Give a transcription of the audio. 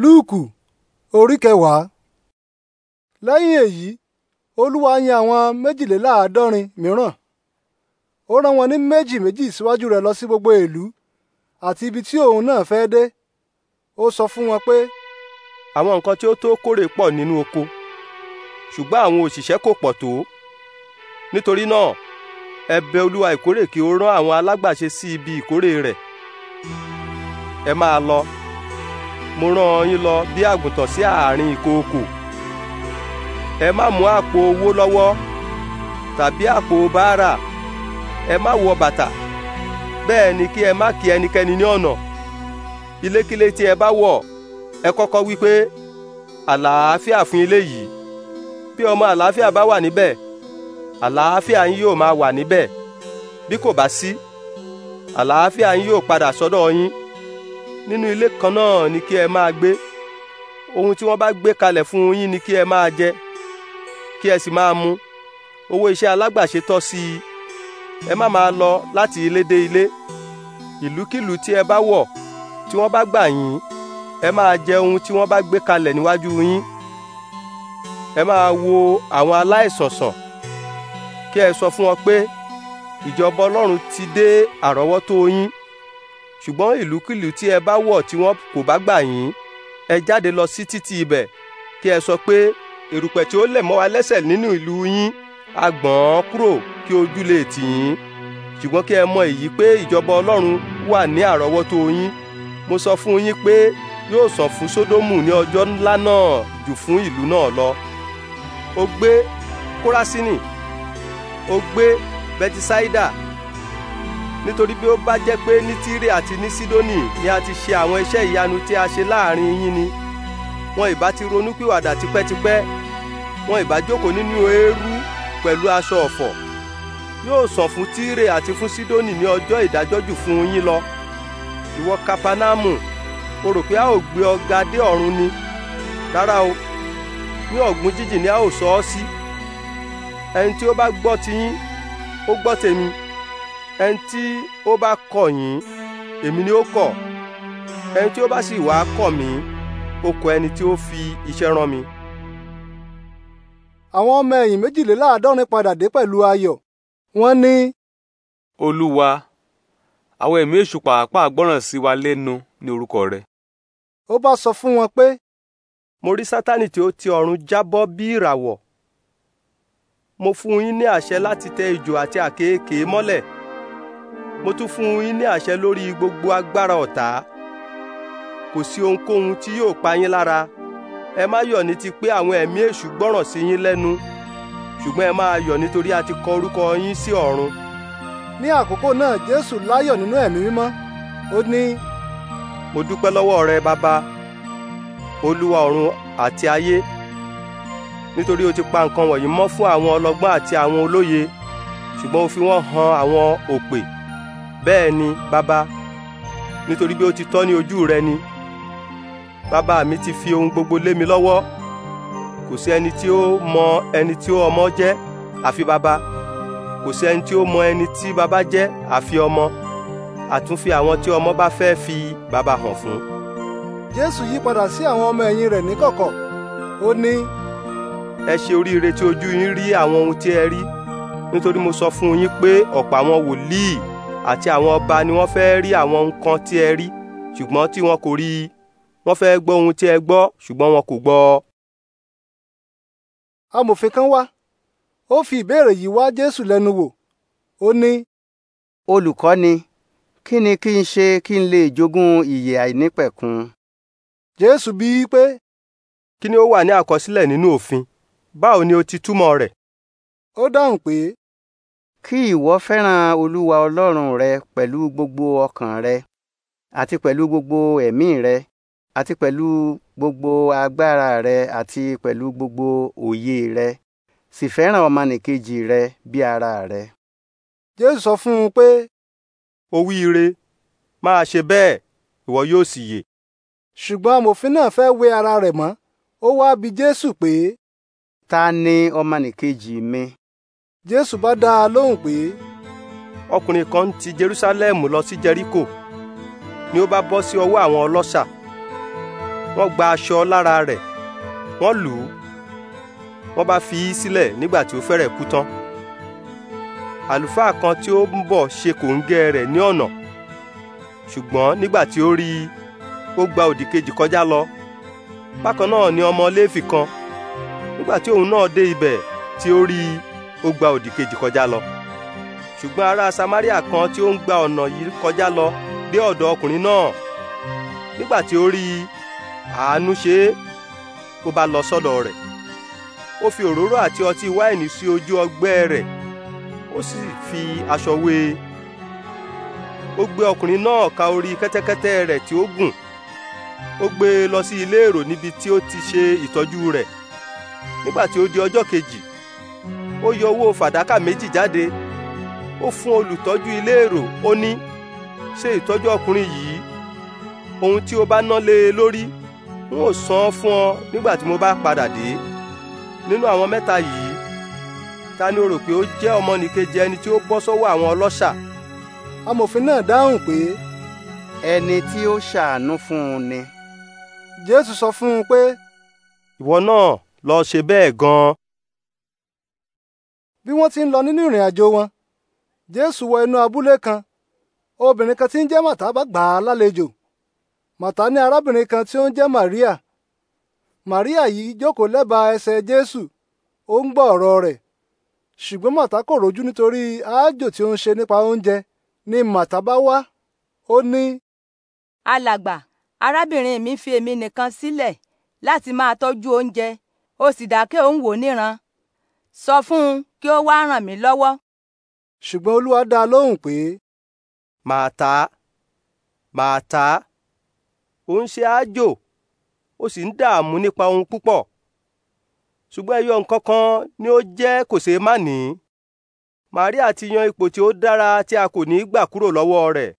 lúùkù orí kẹwàá. lẹ́yìn èyí olúwa yan àwọn méjìléláàádọ́rin mìíràn ó rán wọn ní méjì méjì síwájú rẹ̀ lọ sí gbogbo ìlú àti ibi tí òun náà fẹ́ dé ó sọ fún wọn pé. àwọn nǹkan tí ó tó kórè pọ̀ nínú oko ṣùgbọ́n àwọn òṣìṣẹ́ kò pọ̀ tó nítorí náà ẹ bẹ̀ olúwa ìkórè kí ó rán àwọn alágbàṣe sí ibi ìkórè rẹ̀ ẹ máa lọ. mo rán yín lọ bí àgùntàn sí àárín ìkookò ẹ má mú àpò owó lọ́wọ́ tàbí àpò báárà ẹ má wọ bàtà bẹ́ẹ̀ ni kí ẹ má kí ẹnikẹ́ni ní ọ̀nà ilékílé tí ẹ bá wọ̀ ẹ kọ́kọ́ wípé àlàáfíà fún ilé yìí bí ọmọ àlàáfíà bá wà níbẹ̀ àlàáfíà yín yóò máa wà níbẹ̀ bí kò bá sí àlàáfíà yín yóò padà sọ́dọ̀ nínú ilé kan náà ni kí ẹ máa gbé ohun tí wọ́n bá gbé kalẹ̀ fún yín ni kí ẹ máa jẹ kí ẹ sì máa mu owó iṣẹ́ alágbàṣe tọ́ sí i ẹ má máa lọ láti ilé dé ilé ìlúkìlú tí ẹ bá wọ̀ tí wọ́n bá gbà yín ẹ máa jẹ ohun tí wọ́n bá gbé kalẹ̀ níwájú yín ẹ máa wo àwọn aláìsàn sàn kí ẹ sọ fún wọn pé ìjọba Ọlọ́run ti dé àrọ́wọ́tó yín ṣùgbọ́n ìlúkìlú tí ẹ bá wọ̀ tí wọ́n kò bá gbà yín ẹ jáde lọ sí títì ibẹ̀ kí ẹ sọ pé erùpẹ̀ tí ó lẹ̀ mọ́ wa lẹ́sẹ̀ nínú ìlú yín a gbọ̀n kúrò kí ojú lè tì yín ṣùgbọ́n kí ẹ mọ èyí pé ìjọba ọlọ́run wà ní àrọ́wọ́tó yín mo sọ fún yín pé yóò sàn fún sódómù ní ọjọ́ ńlá náà jù fún ìlú náà lọ ó gbé kórasínì ó gbé bẹtisáídà nítorí bí ó bá jẹ́ pé ní Tírè àti ní Sídónì ni a ti ṣe àwọn iṣẹ́ ìyanu tí a ṣe láàrin yín ni wọn ìbá ti ronúpìwàdà tipẹ́tipẹ́ wọn ìbá jókòó nínú eérú pẹ̀lú aṣọ ọ̀fọ̀ yóò sàn fún Tírè àti fún Sídónì ní ọjọ́ ìdájọ́ jù fún yín lọ ìwọ Kapanamu o rò pé a ò gbé ọ ga dé ọ̀run ni rárá o ní ọ̀gbun jíjìn ni a ò sọ ọ́ sí ẹni tí ó bá gbọ́ tiyín ó gbọ́ tèmi ẹni tí ó bá kọ̀ yín èmi ni ó kọ̀ ẹni tí ó bá sì wá kọ̀ mí ó kọ̀ ẹni tí ó fi iṣẹ́ rán mi. àwọn ọmọ ẹ̀yìn méjìléláàádọ́rin padà dé pẹ̀lú ayọ̀ wọ́n ní. olúwa àwọn ẹ̀mí èṣù pàápàá gbọ́ràn sí wa lẹ́nu ní orúkọ rẹ. ó bá sọ fún wọn pé. mo rí sátánì tí ó ti ọ̀run jábọ́ bí ìràwọ̀ mo fún yín ní àṣẹ láti tẹ ìjò àti àkéekèé mọ́lẹ̀ mo tún fún yín ní àṣẹ lórí gbogbo agbára ọ̀tá kò sí ohunkóhun tí yóò pa yín lára ẹ má yọ̀ ní ti pé àwọn ẹ̀mí èṣù gbọ́ràn sí yín lẹ́nu ṣùgbọ́n ẹ máa yọ̀ nítorí a ti kọ orúkọ yín sí ọ̀run. ní àkókò náà jésù láyọ̀ nínú ẹ̀mí mímọ́ ó ní. mo dúpẹ́ lọ́wọ́ rẹ bàbá olúwa ọ̀run àti ayé nítorí o ti pa nǹkan wọ̀nyí mọ́ fún àwọn ọlọ́gbọ́n àti àwọn olóye ṣùgbọ́n o fi wọ́n hàn àwọn òpè bẹ́ẹ̀ ni bàbá nítorí bí ó ti tọ́ ní ojú rẹ ni bàbá mi ti fi ohun gbogbo lé mi lọ́wọ́ kò sí ẹni tí ó mọ ẹni tí ó ọmọ jẹ́ àfi bàbá kò sí ẹni tí ó mọ ẹni tí bàbá jẹ́ àfi ọmọ àtúnfi àwọn tí ọmọ bá fẹ́ fi bàbá hàn fún. jésù yí padà sí àwọn ọmọ ẹ̀yìn rẹ̀ níkọ̀kọ̀ ó ní. ẹ ṣe oríire tí ojú yín rí àwọn ohun tí ẹ rí nítorí mo sọ fún yín pé ọ̀pọ̀ àwọn wòlíì àti àwọn ọba ni wọ́n fẹ́ rí àwọn nǹkan tí ẹ rí ṣùgbọ́n tí wọn kò rí i wọ́n fẹ́ gbọ́ ohun tí ẹ gbọ́ ṣùgbọ́n wọn kò gbọ́. amòfin kan wá ó fi ìbéèrè yìí wá jésù lẹ́nu wò ó ní. olùkọ́ni kí ni kí n ṣe kí n lè jogún ìyè àìnípẹ̀kun. jésù bí i pé. kí ni ó wà ní àkọsílẹ̀ nínú òfin báwo ni o ti túmọ̀ rẹ̀. ó dáhùn pé kí ìwọ fẹ́ràn olúwa ọlọ́run rẹ pẹ̀lú gbogbo ọkàn rẹ àti pẹ̀lú gbogbo ẹ̀mí rẹ àti pẹ̀lú gbogbo agbára rẹ àti pẹ̀lú gbogbo òye rẹ sì fẹ́ràn ọmọnìkejì rẹ bí ara rẹ. jésù sọ fún un pé ó wíire máa ṣe bẹ́ẹ̀ ìwọ yóò sì yè. ṣùgbọ́n amòfin náà fẹ́ wé ara rẹ̀ mọ́ ó wá bi jésù pé. ta ni ọmọnìkejì mi jésù bá dá a lóhùn pé. ọkùnrin kan ń ti jerúsálẹ́mù lọ sí jẹ́ríkò ni ó bá bọ́ sí ọwọ́ àwọn ọlọ́ṣà wọ́n gba aṣọ lára rẹ̀ wọ́n lù ú wọ́n bá fi í sílẹ̀ nígbà tí ó fẹ́rẹ̀ kú tán àlùfáà kan tí ó ń bọ̀ ṣe kòńgẹ́ rẹ̀ ní ọ̀nà ṣùgbọ́n nígbà tí ó rí i ó gba òdìkejì kọjá lọ bákan náà ni ọmọ léèfì kan nígbà tí òun náà dé ibẹ̀ tí ó rí i ó gba òdì kejì kọjá lọ ṣùgbọ́n ará samaria kan tí ó ń gba ọ̀nà yìí kọjá lọ dé ọ̀dọ̀ ọkùnrin náà nígbà tí ó rí i àánú ṣe é ó bá lọ sọ́dọ̀ rẹ̀ ó fi òróró àti ọtí wáìnì sí ojú ọgbẹ́ rẹ̀ ó sì fi aṣọ wé e ó gbé ọkùnrin náà ka orí kẹ́tẹ́kẹ́tẹ́ rẹ̀ tí ó gùn ó gbé e lọ sí ilé èrò níbi tí ó ti ṣe ìtọ́jú rẹ̀ nígbà tí ó di ọjọ́ kejì ó yọ owó fàdákà méjì jáde ó fún olùtọ́jú ilé èrò ó ní ṣe ìtọ́jú ọkùnrin yìí ohun tí o bá ná lé e lórí n ó san án fún ọ nígbà tí mo bá padà dé nínú àwọn mẹ́ta yìí ta ni o rò pé ó jẹ́ ọmọnìkejì ẹni tí ó bọ́ sọ́wọ́ àwọn ọlọ́ṣà. amòfin náà dáhùn pé. ẹni tí ó ṣàánú fún un ni. jésù sọ fún un pé. ìwọ náà lọ ṣe bẹ́ẹ̀ gan bí wọ́n ti ń lọ nínú ìrìn àjò wọn jésù wọ inú abúlé kan obìnrin kan tí ń jẹ́ màtá bá gbà á lálejò màtá ní arábìnrin kan tí ó ń jẹ́ màríà màríà yìí jókòó lẹ́bàá ẹsẹ̀ jésù ó ń gbọ́ ọ̀rọ̀ rẹ̀ ṣùgbọ́n màtá kò rójú nítorí aájò tí ó ń ṣe nípa oúnjẹ ni màtá bá wá ó ní. alàgbà arábìnrin mi fi èmi nìkan sílẹ̀ láti máa tọ́jú oúnjẹ ó sì dákẹ́ ó ń wò níran sọ fún un kí ó wá ràn mí lọ́wọ́. ṣùgbọ́n olúwa dá a lóhùn pé màtá màtá ò ń ṣe àjò ó sì ń dààmú nípa ohun púpọ̀ ṣùgbọ́n ẹyọ nǹkan kan ni ó jẹ́ kòṣeémánìí Màríà ti yan ipò tí ó dára tí a kò ní í gbà kúrò lọ́wọ́ rẹ̀